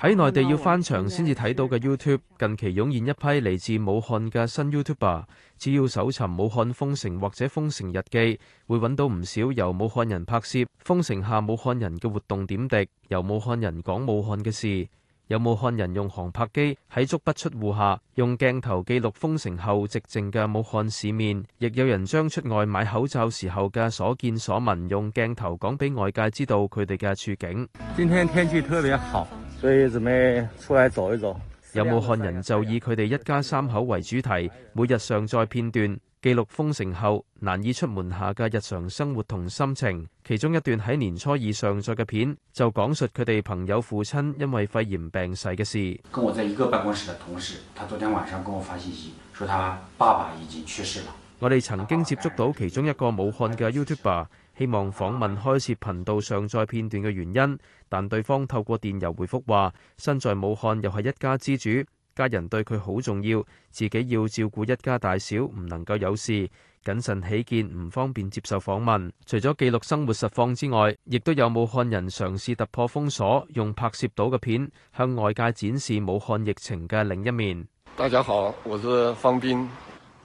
喺內地要翻牆先至睇到嘅 YouTube，近期湧現一批嚟自武漢嘅新 YouTuber。只要搜尋武漢封城或者封城日記，會揾到唔少由武漢人拍攝封城下武漢人嘅活動點滴，由武漢人講武漢嘅事。有武漢人用航拍機喺足不出戶下，用鏡頭記錄封城後寂靜嘅武漢市面。亦有人將出外買口罩時候嘅所見所聞用鏡頭講俾外界知道佢哋嘅處境。今天天氣特別好。所以怎麼出來走一走。有武漢人就以佢哋一家三口為主題，每日上載片段記錄封城後難以出門下嘅日常生活同心情。其中一段喺年初二上載嘅片，就講述佢哋朋友父親因為肺炎病逝嘅事。跟我在一個辦公室的同事，他昨天晚上跟我發信息，說他爸爸已經去世了。我哋曾經接觸到其中一個武漢嘅 YouTuber。希望訪問開設頻道上載片段嘅原因，但對方透過電郵回覆話：身在武漢又係一家之主，家人對佢好重要，自己要照顧一家大小，唔能夠有事，謹慎起見，唔方便接受訪問。除咗記錄生活實況之外，亦都有武漢人嘗試突破封鎖，用拍攝到嘅片向外界展示武漢疫情嘅另一面。大家好，我是方斌，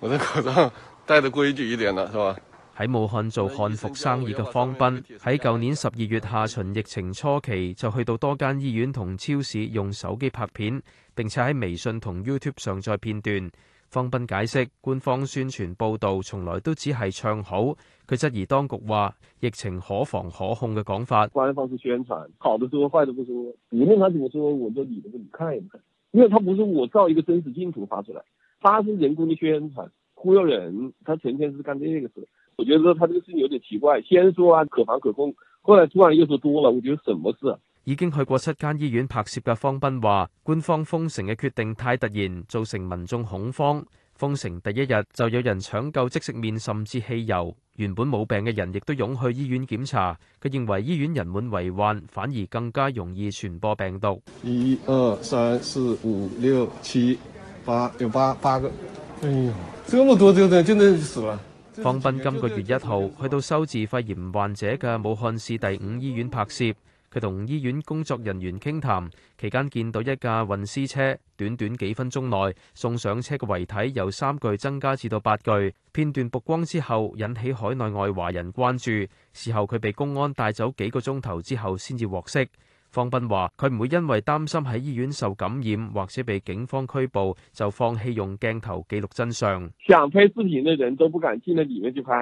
我的口罩戴得規矩一點啦，是吧？喺武漢做漢服生意嘅方斌，喺舊年十二月下旬疫情初期就去到多間醫院同超市用手機拍片，並且喺微信同 YouTube 上載片段。方斌解釋，官方宣傳報道從來都只係唱好。佢質疑當局話疫情可防可控嘅講法。官方是宣傳，好都多，壞都不多。無論他怎麼說，我都理都不理，看也不看，因為他不是我照一個真實鏡頭發出來，他是人工嘅宣傳，忽悠人。他成天是幹呢個事。.我覺得他呢個事情有點奇怪，先說可防可控，後來突然又說多了，我覺得什麼事？已經去過七間醫院拍攝嘅方斌話，官方封城嘅決定太突然，造成民眾恐慌。封城第一日就有人搶購即食麵甚至汽油，原本冇病嘅人亦都湧去醫院檢查。佢認為醫院人滿為患，反而更加容易傳播病毒。一二三四五六七八，有八八,八個，哎呀，這麼多就真就真死了。方斌今個月一號去到收治肺炎患者嘅武漢市第五醫院拍攝，佢同醫院工作人員傾談，談期間見到一架運屍車，短短幾分鐘內送上車嘅遺體由三具增加至到八具。片段曝光之後，引起海內外華人關注。事後佢被公安帶走幾個鐘頭之後，先至獲釋。方斌話：佢唔會因為擔心喺醫院受感染，或者被警方拘捕，就放棄用鏡頭記錄真相。想拍視頻的人都不敢進到裏面去拍，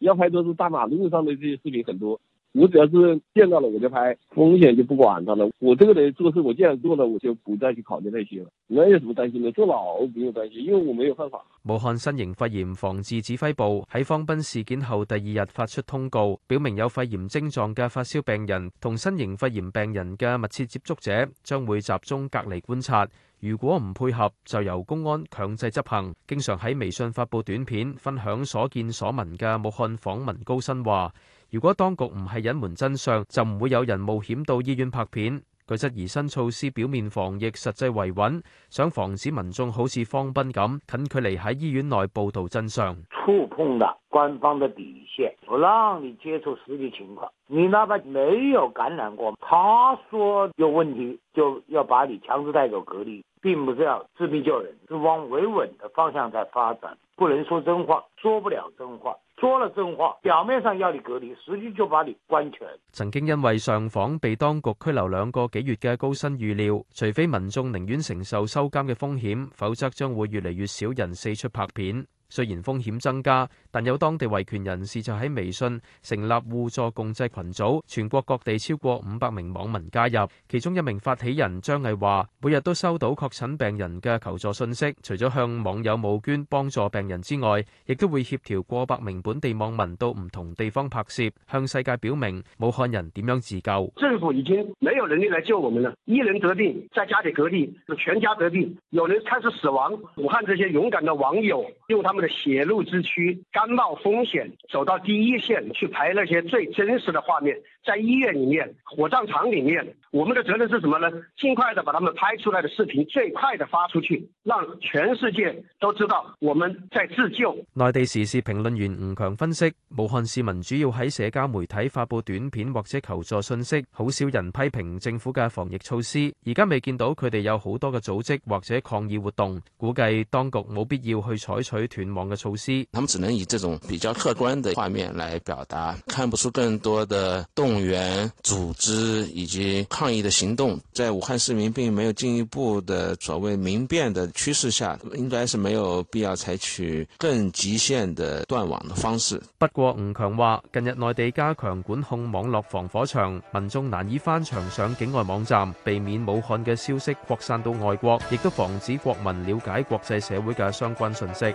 要拍都是大馬路上的這些視頻很多。我只要是見到了我就拍，風險就不管他了。我這個人做事，我既然做了，我就不再去考慮那些了。我有什麼擔心的？坐牢不用擔心，因為我沒有犯法。武漢新型肺炎防治指揮部喺方斌事件後第二日發出通告，表明有肺炎症狀嘅發燒病人同新型肺炎病人嘅密切接觸者將會集中隔離觀察。如果唔配合，就由公安強制執行。經常喺微信發布短片，分享所見所聞嘅武漢訪民高薪話：如果當局唔係隱瞞真相，就唔會有人冒險到醫院拍片。佢質疑新措施表面防疫，實際維穩，想防止民眾好似方斌咁近距離喺醫院內報道真相，觸碰了官方的底線。不讓你接觸實際情況，你哪怕沒有感染過，他說有問題就要把你強制帶走隔離。並不是要治病救人，是往維穩的方向在發展，不能說真話，說不了真話。說了真話，表面上要你隔離，實際就把你關起嚟。曾經因為上訪被當局拘留兩個幾月嘅高薪預料，除非民眾寧願承受收監嘅風險，否則將會越嚟越少人四處拍片。雖然風險增加，但有當地維權人士就喺微信成立互助共濟群組，全國各地超過五百名網民加入。其中一名發起人張毅話：每日都收到確診病人嘅求助信息，除咗向網友募捐幫助病人之外，亦都會協調過百名本地網民到唔同地方拍攝，向世界表明武漢人點樣自救。政府已經沒有能力嚟救我們了，一人得病，在家裏隔離，有全家得病，有人開始死亡。武漢這些勇敢的網友用他們。血路之軀，甘冒風險走到第一綫去拍那些最真實的畫面，在醫院裏面、火葬場裏面，我們的責任是什麼呢？盡快的把他們拍出來的視頻最快的發出去，讓全世界都知道我們在自救。內地時事評論員吳強分析，武漢市民主要喺社交媒體發布短片或者求助信息，好少人批評政府嘅防疫措施。而家未見到佢哋有好多嘅組織或者抗議活動，估計當局冇必要去採取團。網嘅措施，他們只能以這種比較客觀的畫面來表達，看不出更多的動員、組織以及抗議的行動。在武漢市民並沒有進一步的所謂民變的趨勢下，應該是沒有必要採取更極限的斷網的方式。不過，吳強話：近日內地加強管控網絡防火牆，民眾難以翻牆上境外網站，避免武漢嘅消息擴散到外國，亦都防止國民了解國際社會嘅相關信息。